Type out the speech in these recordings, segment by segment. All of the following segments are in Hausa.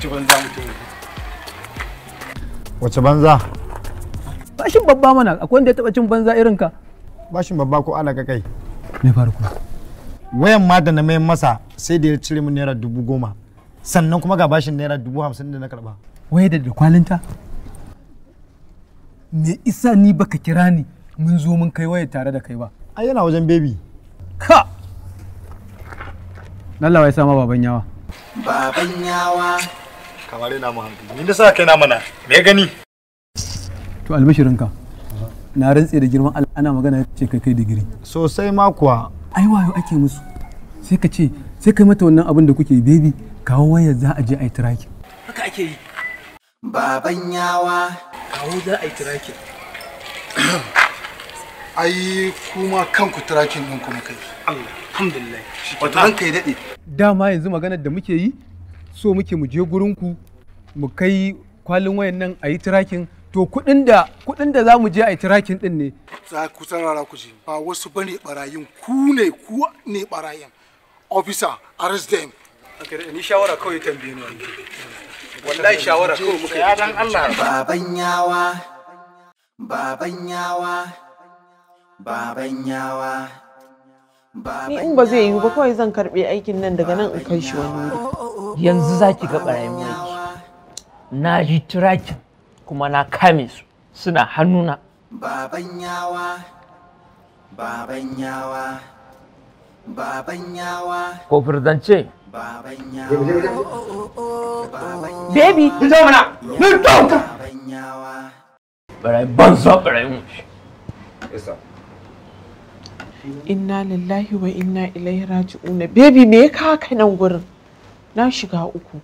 ci banza mutum wace banza bashin babba mana akwai wanda ya taba cin banza irin ka bashin babba ko alaka kai me fara kuma wayan ma da na mai masa sai da ya cire min naira dubu goma sannan kuma ga bashin naira dubu hamsin da na karba waya da kwalinta me isa ni baka kira ni mun zo mun kai waya tare da kai ba ai yana wajen baby ka Allah ya sama baban yawa baban yawa kamar yana mu hankali ni da sa kai na mana me gani to albishirinka na rantse da girman Allah ana magana ce kai kai digiri sosai ma kuwa ai wayo ake musu sai ka ce sai kai mata wannan abin da kuke baby kawo waya za a je a yi tracking haka ake yi baban yawa kawo za a yi tracking ai kuma kanku tracking din kuma kai Allah alhamdulillah wato an kai dade dama yanzu maganar da muke yi so muke mu je gurin ku mu kai kwalin wayan nan a yi tirakin to kuɗin da da za mu je a yi tirakin ɗin ne za ku tsarara ku je ba wasu bane barayin ku ne ku ne barayin officer arrest them ni shawara kawai tambaye wallahi shawara kawai ya dan Allah baban yawa baban yawa baban yawa ni in ba zai yiwu ba kawai zan karbe aikin nan daga nan in kai shi wani wuri yanzu za ki ga ɓarayin mulki na ji tirakin kuma na kame su suna hannuna baban yawa baban yawa baban yawa ko firdance baban yawa baby ki zo mana ni to baban yawa barayin banza barayin mulki inna lillahi wa inna ilaihi raji'un baby me ya kawo nan gurin na shiga uku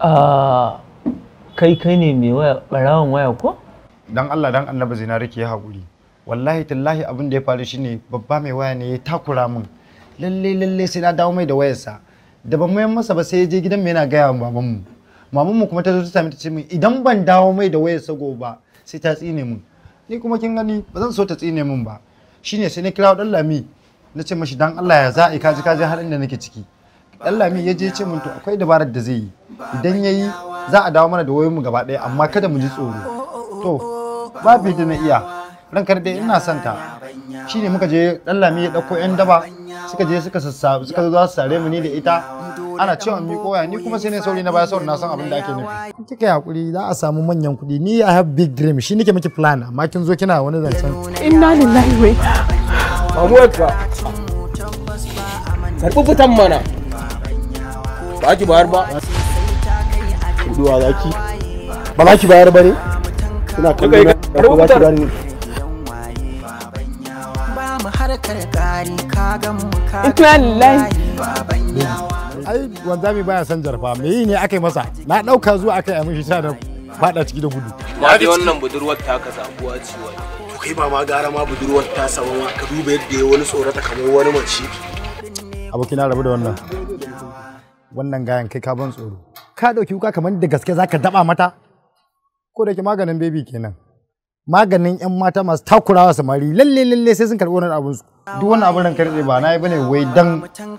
ah, kai kai ne mai waya barawan waya ko dan Allah dan annabi zinari ke haƙuri wallahi tallahi abin da ya faru shine babba mai waya ne ya takura min lalle lalle sai na dawo mai da wayarsa da ban mayar masa ba sai ya je gidan mai yana gaya wa babanmu mamanmu kuma ta zo ta sami ta ce min idan ban dawo mai da wayarsa gobe ba sai ta tsine min ni kuma kin gani ba zan so ta tsine min ba Shi ne, sai na kira dan lami na ce mashi dan Allah ya za'i kaji kaji har inda nake ciki dan lami ya je ce mun to akwai dabarar da zai yi idan yayi za a dawo mana da wayoyinmu gaba ɗaya amma kada mu ji tsoro to babu da na iya ranka dai ina son ka shine muka je dan lami ya dauko yan daba suka je suka sassa suka zo su sare mu ni da ita ana cewa mi koya ni kuma sai ne sauri na baya sauri na san abin da ake nufi kika yi hakuri za a samu manyan kudi ni i have big dream shi nake miki plan amma kin zo kina wani zancen inna lillahi wa inna ilaihi raji'un fitan mana ba ki bayar ba ne kallon ba ki bayar ne lillahi. wanzami baya son jarfa me yi ne aka yi masa na ɗauka zuwa aka yi mishi da faɗa ciki da gudu. Na dai wannan budurwar ta ka duba yadda ya wani tsorata kamar wani mace. Abokina rabu da wannan. wannan gayan kai ka ban tsoro ka ɗauki wuka kamar da gaske zaka daba mata ko da ke maganin baby kenan maganin yan mata masu takurawa samari lalle lalle sai sun karɓi wannan abun su duk wannan abun ranka ba na yi bane wai dan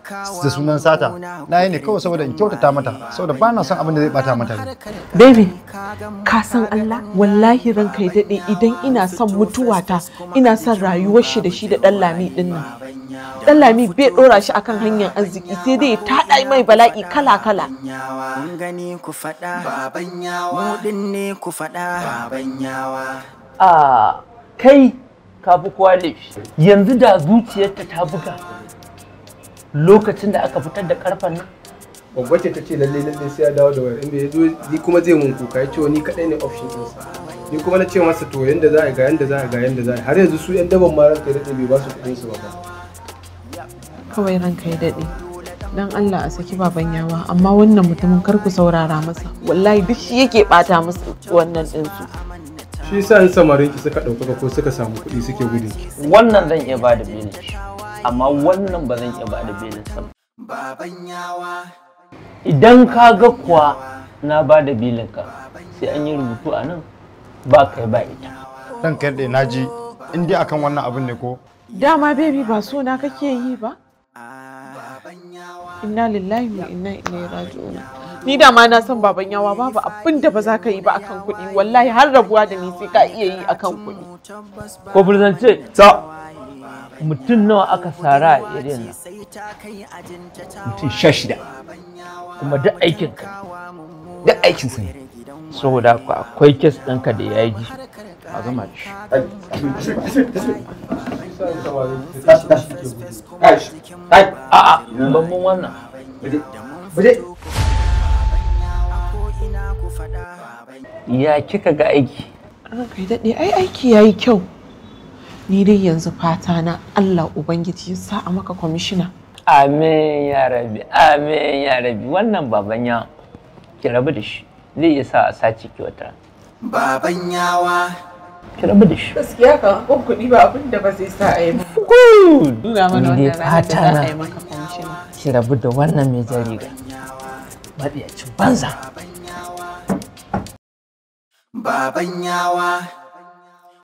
da sunan sata na yi ne kawai saboda in kyautata mata saboda ba na son abin da zai bata mata baby ka san Allah wallahi ranka ya dade idan ina son mutuwata ina son rayuwar shi da shi da dan lami din nan dan lami bai dora shi akan hanyar arziki sai dai ta mai bala'i kala kala mun gani ku fada baban yawa mudin ne ku faɗa baban yawa a kai ka fi kwale yanzu da zuciyarta ta buga lokacin da aka fitar da karfan nan gwagwace ta ce lalle lalle sai ya dawo da wayar inda ya zo ni kuma zai mun kuka ya ce ni kadai ne option sa ni kuma na ce masa to yanda za a ga yanda za a ga yanda za a har yanzu su yan daban ma ranka da bai ba su kudin su ba kawai ranka ya daɗe don Allah a saki baban yawa amma wannan mutumin kar ku saurara masa wallahi duk shi yake bata musu wannan ɗinsu shi sa yi samarin ki suka ɗaukaka ko suka samu kuɗi suke gudun wannan zan iya bada da amma wannan ba zan iya bada da belin baban yawa idan ka ga kuwa na bada da ka sai an yi rubutu a nan ba kai ba ita ɗan kai na ji in dai akan wannan abin ne ko dama baby ba so na kake yi ba inna lillahi wa inna ilaihi raji'un ni da ma na san baban yawa babu abin da ba za ka yi ba akan kuɗi wallahi har rabuwa da ni sai ka iya yi akan kuɗi ko burzance ta mutum nawa aka sara a irin mutum sha shida kuma duk aikin ka duk aikin sa ne saboda akwai kes ɗinka da ya yi ji a gama da shi tashi tashi tashi a'a ban wannan ya kika ga aiki ah, kai daɗe ai aiki ya yi kyau ni dai yanzu fata na allah ubangiji ya sa a maka kwamishina amin ya rabi amin ya rabi wannan baban ya ki rabu da shi zai iya sa a sace ki wata baban yawa ki rabu da shi gaskiya kan abin kuɗi ba abin da ba zai sa a yi maka good nuna mana wannan fata ki rabu da wannan mai jariga maɗiyacin banza baban yawa